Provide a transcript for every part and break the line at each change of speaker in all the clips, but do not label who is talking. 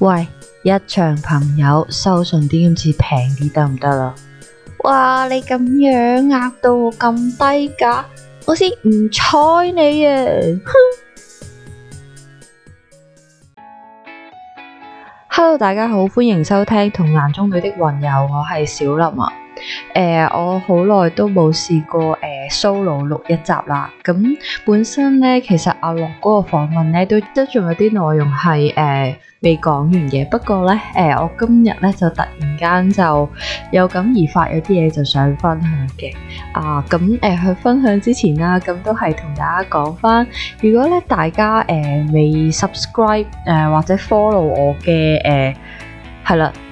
喂，一場朋友收順啲今次平啲得唔得啊？哇，你咁樣壓到我咁低價，我先唔睬你啊！Hello，大家好，歡迎收聽《同男中女的雲遊》，我係小林啊。誒，我好耐都冇試過誒，solo 錄一集啦。咁本身咧，其實阿樂嗰個訪問咧，都都仲有啲內容係誒未講完嘅。不過咧，誒我今日咧就突然間就有感而發，有啲嘢就想分享嘅。啊，咁誒去分享之前啦，咁都係同大家講翻，如果咧大家誒未 subscribe 誒或者 follow 我嘅誒係啦。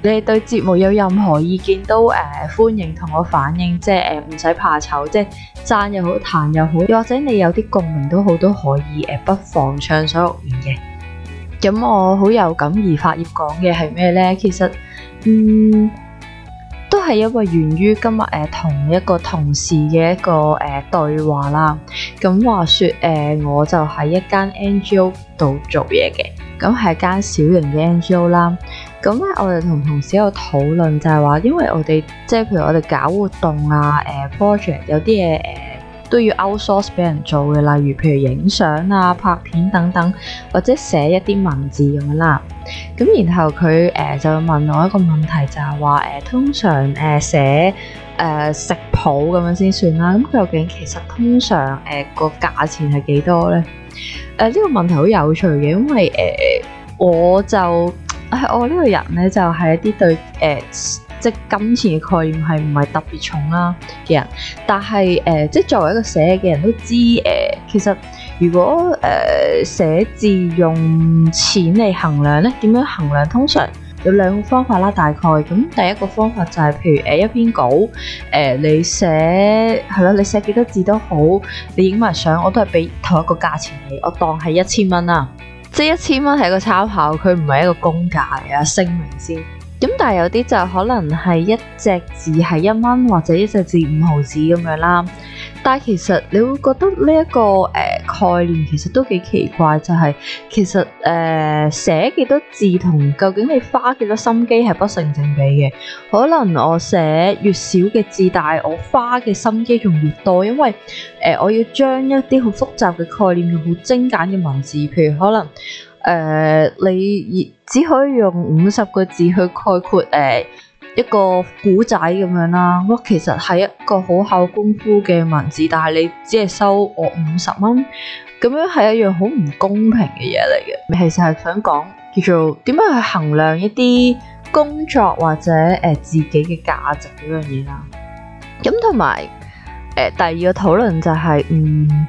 你哋對節目有任何意見都誒、呃、歡迎同我反映，即係誒唔使怕醜，即係讚又好彈又好，或者你有啲共鳴都好都可以誒、呃、不妨暢所欲言嘅。咁我好有感而發，葉講嘅係咩呢？其實，嗯，都係因為源於今日誒、呃、同一個同事嘅一個誒對、呃、話啦。咁話說誒、呃、我就喺一間 NGO 度做嘢嘅，咁係一間小型嘅 NGO 啦。咁咧，我哋同同事有討論，就係話，因為我哋即係譬如我哋搞活動啊，誒、呃、project 有啲嘢誒都要 outsource 俾人做嘅，例如譬如影相啊、拍片等等，或者寫一啲文字咁啦。咁然後佢誒、呃、就問我一個問題就，就係話誒通常誒寫誒食譜咁樣先算啦。咁佢究竟其實通常誒個價錢係幾多咧？誒、呃、呢、呢個問題好有趣嘅，因為誒、呃、我就。哎、我呢個人呢，就係、是、一啲對、呃、即金錢的概念係唔係特別重啦嘅人。但係、呃、即作為一個寫嘅人都知道，誒、呃，其實如果誒寫、呃、字用錢嚟衡量咧，點樣衡量？通常有兩個方法啦，大概咁。第一個方法就係、是，譬如、呃、一篇稿，你寫係咯，你寫幾多少字都好，你影埋相，我都係俾同一個價錢你，我當係一千蚊啦。即一千蚊係一個參考，佢唔係一個公價嚟呀，聲明先。咁但係有啲就可能係一隻字係一蚊，或者一隻字五毫子咁樣啦。但其實你會覺得呢、這、一個誒、呃、概念其實都幾奇怪，就係、是、其實誒、呃、寫幾多字同究竟你花幾多心機係不成正比嘅。可能我寫越少嘅字，但係我花嘅心機仲越多，因為誒、呃、我要將一啲好複雜嘅概念用好精簡嘅文字，譬如可能誒、呃、你只可以用五十個字去概括誒，呃一個古仔咁樣啦，我其實係一個好考功夫嘅文字，但係你只係收我五十蚊，咁樣係一樣好唔公平嘅嘢嚟嘅。其實係想講叫做點樣去衡量一啲工作或者誒、呃、自己嘅價值樣呢樣嘢啦。咁同埋誒第二個討論就係、是、嗯。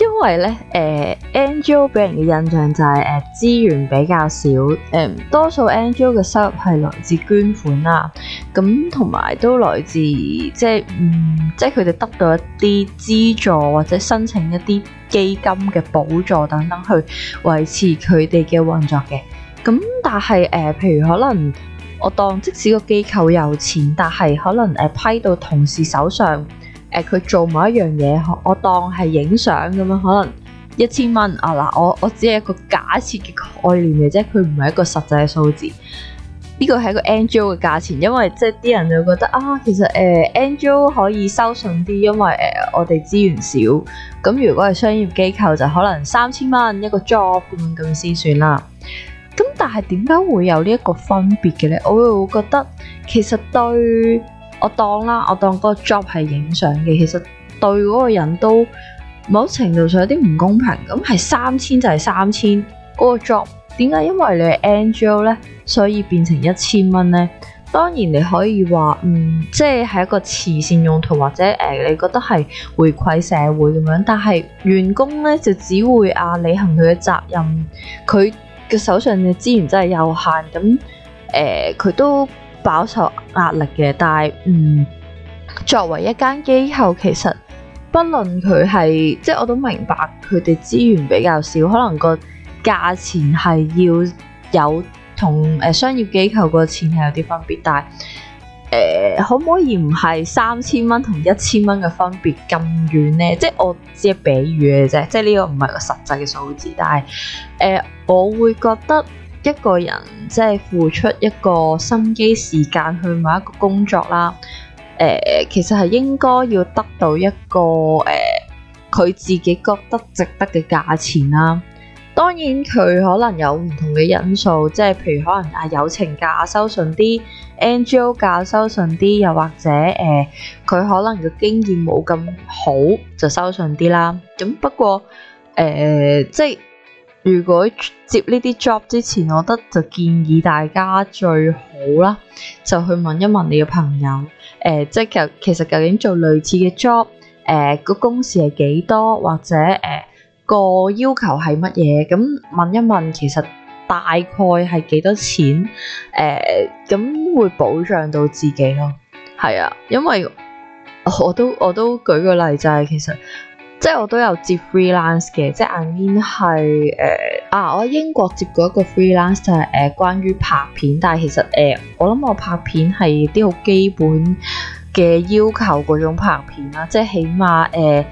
因為咧，誒、呃、NGO 俾人嘅印象就係、是、誒、呃、資源比較少，誒、呃，多數 NGO 嘅收入係來自捐款啊，咁同埋都來自即係，嗯，即係佢哋得到一啲資助或者申請一啲基金嘅補助等等去維持佢哋嘅運作嘅。咁但係誒、呃，譬如可能我當即使個機構有錢，但係可能誒、呃、批到同事手上。誒，佢、呃、做某一樣嘢，我當係影相咁樣，可能一千蚊啊嗱，我我只係一個假設嘅概念嘅啫，佢唔係一個實際嘅數字。呢個係一個 NGO 嘅價錢，因為即係啲人就覺得啊，其實誒 NGO、呃、可以收順啲，因為誒、呃、我哋資源少。咁如果係商業機構就可能三千蚊一個 job 咁樣咁先算啦。咁但係點解會有呢一個分別嘅咧？我又會覺得其實對。我當啦，我當嗰個 job 係影相嘅，其實對嗰個人都某程度上有啲唔公平咁。係三千就係三千，嗰個 job 點解因為你係 NGO 呢，所以變成一千蚊呢？當然你可以話嗯，即係係一個慈善用途或者誒、呃，你覺得係回饋社會咁樣。但係員工呢，就只會啊履行佢嘅責任，佢嘅手上嘅資源真係有限咁誒，佢、呃、都，飽受壓力嘅，但係嗯，作為一間機構，其實不論佢係即係我都明白佢哋資源比較少，可能個價錢係要有同誒商業機構個錢係有啲分別，但係誒、呃、可唔可以唔係三千蚊同一千蚊嘅分別咁遠呢？即係我只係比喻嘅啫，即係呢個唔係個實際嘅數字，但係誒、呃、我會覺得。一個人即係付出一個心機時間去某一個工作啦，誒，其實係應該要得到一個誒，佢自己覺得值得嘅價錢啦。當然佢可能有唔同嘅因素，即係譬如可能啊友情價收順啲，NGO 價收順啲，又或者誒，佢可能個經驗冇咁好就收順啲啦。咁不過誒，即係。如果接呢啲 job 之前，我覺得就建議大家最好啦，就去問一問你嘅朋友，誒、呃，即係其實究竟做類似嘅 job，誒，個工時係幾多，或者誒、呃，個要求係乜嘢，咁問一問，其實大概係幾多錢，誒、呃，咁會保障到自己咯。係啊，因為我都我都舉個例就係、是、其實。即係我都有接 freelance 嘅，即係 I mean 係誒啊！我喺英國接過一個 freelance 就係、是、誒、uh, 關於拍片，但係其實誒、uh, 我諗我拍片係啲好基本嘅要求嗰種拍片啦，即係起碼誒、uh,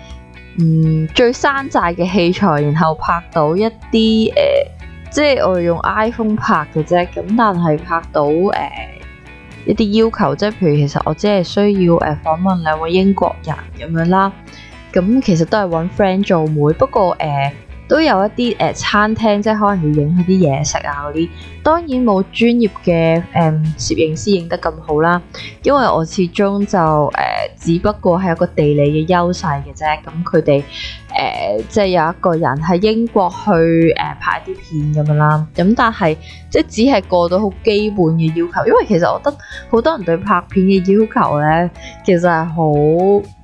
嗯，最山寨嘅器材，然後拍到一啲誒，uh, 即係我用 iPhone 拍嘅啫。咁但係拍到誒、uh, 一啲要求，即係譬如其實我只係需要誒訪、uh, 問兩位英國人咁樣啦。咁其實都係揾 friend 做媒，不過誒、呃、都有一啲誒、呃、餐廳，即係可能要影佢啲嘢食啊嗰啲，當然冇專業嘅誒、呃、攝影師影得咁好啦，因為我始終就誒、呃，只不過係有個地理嘅優勢嘅啫。咁佢哋誒即係有一個人喺英國去誒、呃、拍啲片咁樣啦，咁但係即係只係過到好基本嘅要求，因為其實我覺得好多人對拍片嘅要求呢，其實係好。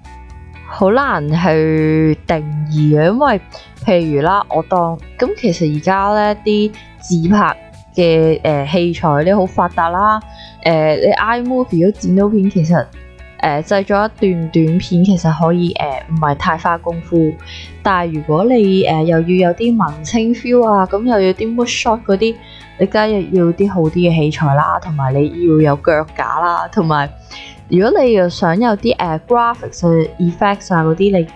好難去定義啊，因為譬如、呃、啦，我當咁其實而家咧啲自拍嘅誒器材咧好發達啦，誒你 iMovie 嗰剪刀片其實誒製、呃、作一段短片其實可以誒唔係太花功夫，但係如果你誒、呃、又要有啲文青 feel 啊，咁又要啲 move shot 嗰啲，你梗係要啲好啲嘅器材啦，同埋你要有腳架啦，同埋。如果你又想有啲誒、uh, graphics uh, effects 啊嗰啲，你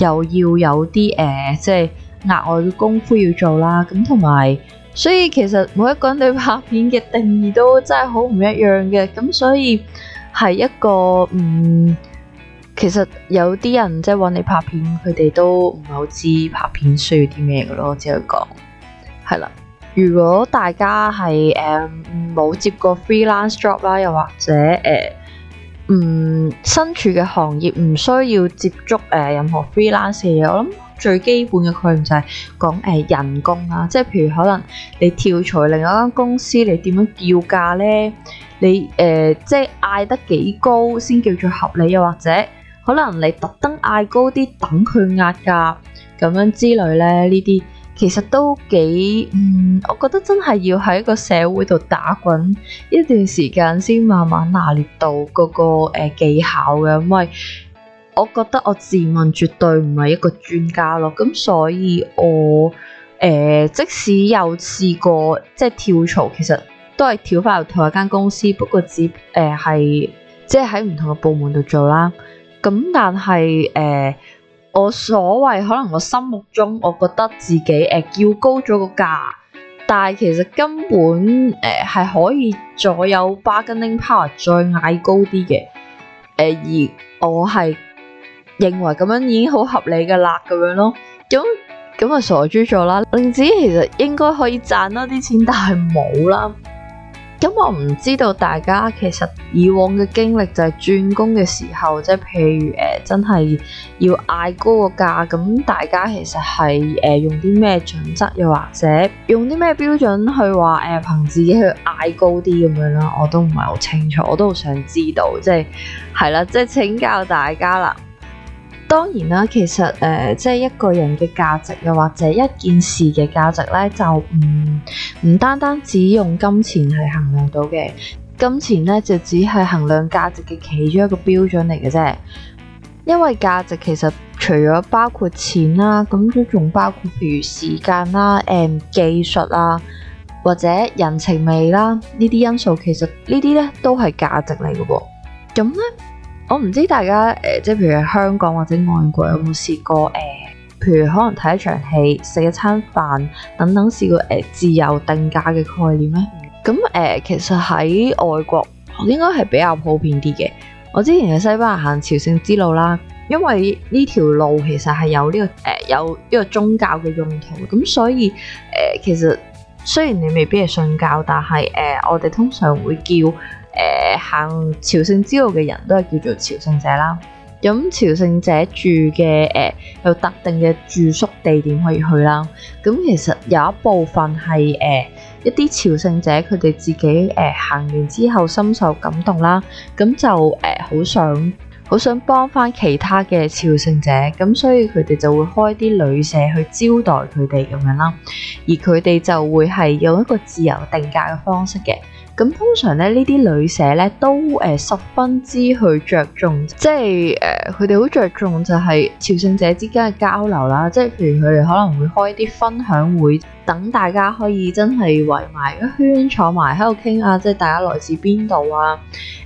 又要有啲誒即係額外嘅功夫要做啦。咁同埋，所以其實每一個人對拍片嘅定義都真係好唔一樣嘅。咁所以係一個嗯，其實有啲人即係揾你拍片，佢哋都唔係好知拍片需要啲咩嘅咯。只係講，係啦。如果大家係誒冇接過 freelance job 啦，又或者誒。Uh, 唔，身處嘅行業唔需要接觸誒、呃、任何 freelancer 嘅嘢，我諗最基本嘅概念就係講誒人工啦、啊，即係譬如可能你跳槽另一間公司，你點樣叫價呢？你誒、呃、即係嗌得幾高先叫做合理，又或者可能你特登嗌高啲等佢壓價咁樣之類咧，呢啲。其實都幾嗯，我覺得真係要喺一個社會度打滾一段時間，先慢慢拿捏到嗰、那個誒、呃、技巧嘅。因為我覺得我自問絕對唔係一個專家咯，咁所以我誒、呃、即使有試過即係跳槽，其實都係跳返入同一間公司，不過只誒係、呃、即係喺唔同嘅部門度做啦。咁但係誒。呃我所謂可能我心目中我覺得自己誒、呃、叫高咗個價，但係其實根本誒係、呃、可以左右 power 再有 bargaining power 再嗌高啲嘅，誒、呃、而我係認為咁樣已經好合理嘅啦，咁樣咯，咁咁啊傻豬做啦，令自己其實應該可以賺多啲錢但是沒，但係冇啦。咁我唔知道大家其實以往嘅經歷就係轉工嘅時候，即係譬如誒、呃、真係要嗌高個價，咁大家其實係誒、呃、用啲咩準則，又或者用啲咩標準去話誒憑自己去嗌高啲咁樣啦，我都唔係好清楚，我都好想知道，即係係啦，即係請教大家啦。當然啦，其實誒、呃，即係一個人嘅價值又或者一件事嘅價值咧，就唔唔單單只用金錢去衡量到嘅。金錢咧就只係衡量價值嘅其中一個標準嚟嘅啫。因為價值其實除咗包括錢啦，咁都仲包括譬如時間啦、誒、呃、技術啦、啊，或者人情味啦呢啲因素，其實呢啲咧都係價值嚟嘅噃。咁咧？我唔知大家誒，即、呃、係譬如香港或者外國有冇試過誒、呃，譬如可能睇一場戲、食一餐飯等等，試過誒、呃、自由定價嘅概念呢？咁誒、嗯呃，其實喺外國應該係比較普遍啲嘅。我之前喺西班牙行朝聖之路啦，因為呢條路其實係有呢、這個誒、呃、有呢個宗教嘅用途，咁所以誒、呃，其實雖然你未必係信教，但係誒、呃，我哋通常會叫，誒行朝聖之路嘅人都係叫做朝聖者啦，咁朝聖者住嘅誒、呃、有特定嘅住宿地點可以去啦。咁其實有一部分係誒、呃、一啲朝聖者佢哋自己誒、呃、行完之後深受感動啦，咁就誒好、呃、想好想幫翻其他嘅朝聖者，咁所以佢哋就會開啲旅社去招待佢哋咁樣啦，而佢哋就會係用一個自由定價嘅方式嘅。咁通常咧，呢啲旅社咧都誒、呃、十分之去着重，即係誒佢哋好着重就係朝聖者之間嘅交流啦。即係譬如佢哋可能會開啲分享會，等大家可以真係圍埋一圈坐埋喺度傾下，即係大家來自邊度啊？誒、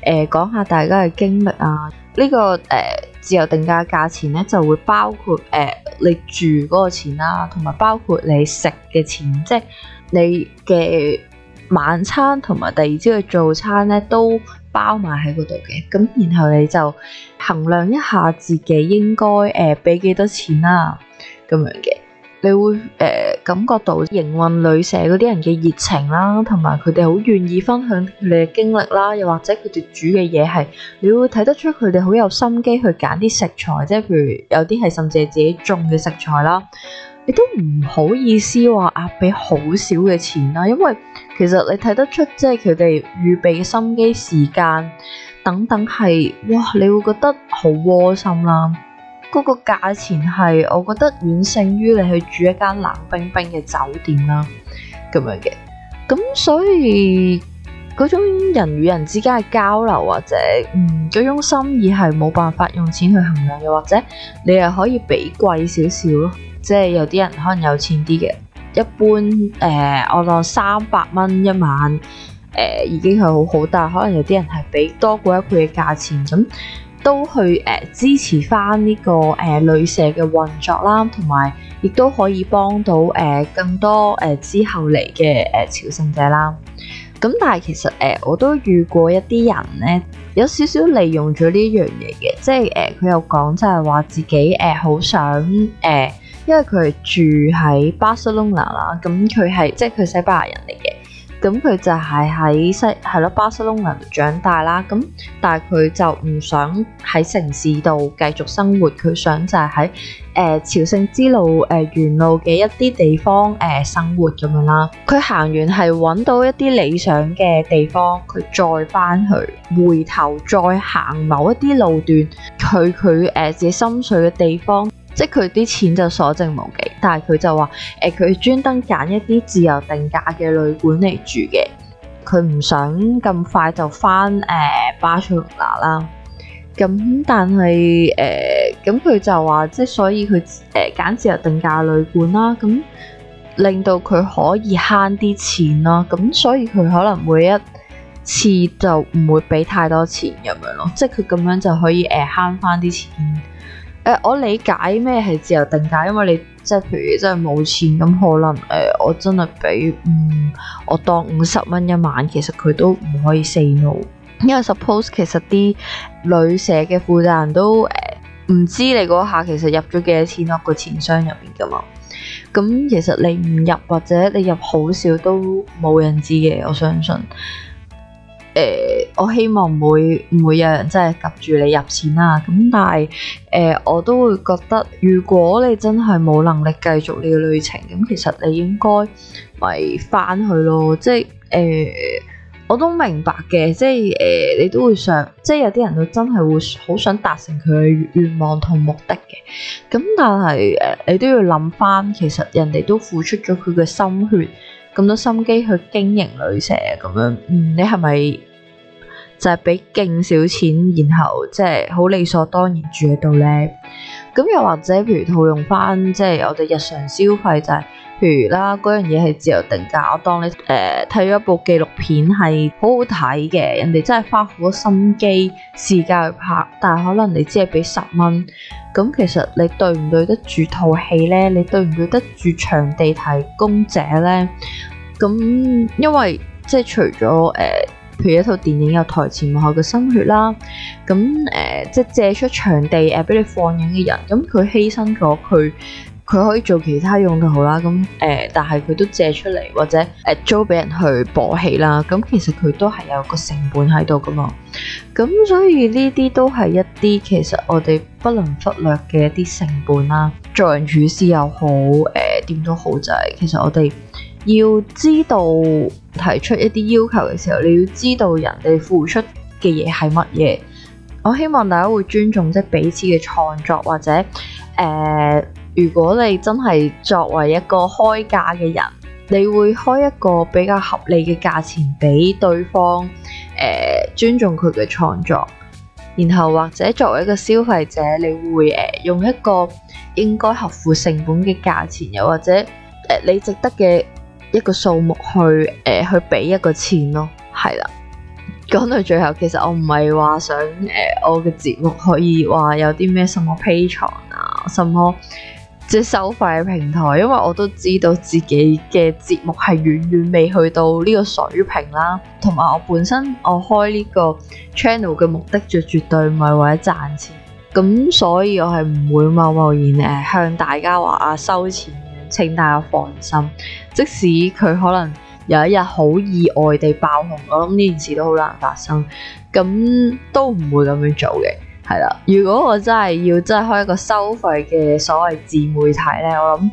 呃、講下大家嘅經歷啊。呢、這個誒、呃、自由定價價錢咧就會包括誒、呃、你住嗰個錢啦、啊，同埋包括你食嘅錢，即係你嘅。晚餐同埋第二朝嘅早餐咧都包埋喺嗰度嘅，咁然後你就衡量一下自己應該誒俾幾多錢啦、啊、咁樣嘅，你會誒、呃、感覺到營運旅社嗰啲人嘅熱情啦，同埋佢哋好願意分享你嘅經歷啦，又或者佢哋煮嘅嘢係，你會睇得出佢哋好有心機去揀啲食材，即係譬如有啲係甚至係自己種嘅食材啦。你都唔好意思話壓俾好少嘅錢啦、啊，因為其實你睇得出，即係佢哋預備心機時間等等係哇，你會覺得好窩心啦、啊。嗰、那個價錢係我覺得遠勝於你去住一間冷冰冰嘅酒店啦、啊，咁樣嘅。咁所以嗰種人與人之間嘅交流或者嗯嗰種心意係冇辦法用錢去衡量嘅。或者你係可以俾貴少少咯。即係有啲人可能有錢啲嘅，一般誒、呃，我當三百蚊一晚誒、呃、已經係好好，但係可能有啲人係俾多過一倍嘅價錢咁，都去誒、呃、支持翻呢、這個誒旅、呃、社嘅運作啦，同埋亦都可以幫到誒、呃、更多誒、呃、之後嚟嘅誒朝聖者啦。咁但係其實誒、呃、我都遇過一啲人咧、呃，有少少利用咗呢樣嘢嘅，即係誒佢又講就係話自己誒好、呃、想誒。呃因為佢住喺巴塞隆納啦，咁佢係即係佢西班牙人嚟嘅，咁佢就係喺西係咯巴塞隆納度長大啦，咁但係佢就唔想喺城市度繼續生活，佢想就係喺誒朝聖之路誒、呃、沿路嘅一啲地方誒生活咁樣啦。佢行完係揾到一啲理想嘅地方，佢、呃、再翻去回頭再行某一啲路段去佢誒自己心水嘅地方。即係佢啲錢就所剩無幾，但係佢就話：誒、呃，佢專登揀一啲自由定價嘅旅館嚟住嘅，佢唔想咁快就返誒巴塞隆拿啦。咁但係誒，咁、呃、佢就話，即係所以佢誒揀自由定價旅館啦，咁令到佢可以慳啲錢咯。咁所以佢可能每一次就唔會俾太多錢咁樣咯，即係佢咁樣就可以誒慳返啲錢。誒、呃，我理解咩係自由定價，因為你即係譬如真係冇錢咁，可能誒、呃，我真係俾五，我當五十蚊一晚，其實佢都唔可以 s a 因為 suppose 其實啲旅社嘅負責人都誒唔、呃、知你嗰下其實入咗幾多錢咯，個錢箱入邊噶嘛，咁其實你唔入或者你入好少都冇人知嘅，我相信。誒、呃，我希望唔會唔會有人真係及住你入錢啦、啊。咁但係誒、呃，我都會覺得，如果你真係冇能力繼續呢個旅程，咁其實你應該咪翻去咯。即係誒、呃，我都明白嘅。即係誒、呃，你都會想，即係有啲人都真係會好想達成佢嘅願望同目的嘅。咁但係誒、呃，你都要諗翻，其實人哋都付出咗佢嘅心血咁多心機去經營旅社咁樣，嗯，你係咪？就係俾勁少錢，然後即係好理所當然住喺度咧。咁又或者，譬如套用翻即係我哋日常消費、就是，就係譬如啦，嗰樣嘢係自由定價。我當你誒睇咗部紀錄片係好好睇嘅，人哋真係花好多心機時間去拍，但係可能你只係俾十蚊。咁其實你對唔對得住套戲咧？你對唔對得住場地提供者咧？咁因為即係、就是、除咗誒。呃譬如一套電影有台前幕後嘅心血啦，咁誒、呃、即係借出場地誒俾、呃、你放映嘅人，咁佢犧牲咗佢，佢可以做其他用就好啦。咁誒、呃，但係佢都借出嚟或者誒、呃、租俾人去播戲啦。咁其實佢都係有個成本喺度㗎嘛。咁所以呢啲都係一啲其實我哋不能忽略嘅一啲成本啦。做人處事又好，誒、呃、點都好、就是，就係其實我哋。要知道提出一啲要求嘅時候，你要知道人哋付出嘅嘢係乜嘢。我希望大家會尊重即係彼此嘅創作，或者誒、呃、如果你真係作為一個開價嘅人，你會開一個比較合理嘅價錢俾對方誒、呃、尊重佢嘅創作。然後或者作為一個消費者，你會誒、呃、用一個應該合乎成本嘅價錢，又或者誒、呃、你值得嘅。一個數目去誒、呃、去俾一個錢咯，係啦。講到最後，其實我唔係話想誒、呃、我嘅節目可以話有啲咩什麼 Patreon 啊，什麼即係收費嘅平台，因為我都知道自己嘅節目係遠遠未去到呢個水平啦。同埋我本身我開呢個 channel 嘅目的，就絕對唔係為咗賺錢。咁所以，我係唔會貿貿然誒向大家話啊收錢。請大家放心，即使佢可能有一日好意外地爆紅，我諗呢件事都好難發生，咁都唔會咁樣做嘅，係啦。如果我真係要真係開一個收費嘅所謂自媒體呢，我諗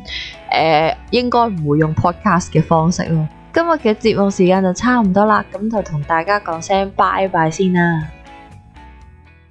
誒應該唔會用 podcast 嘅方式咯。今日嘅節目時間就差唔多啦，咁就同大家講聲拜拜先啦。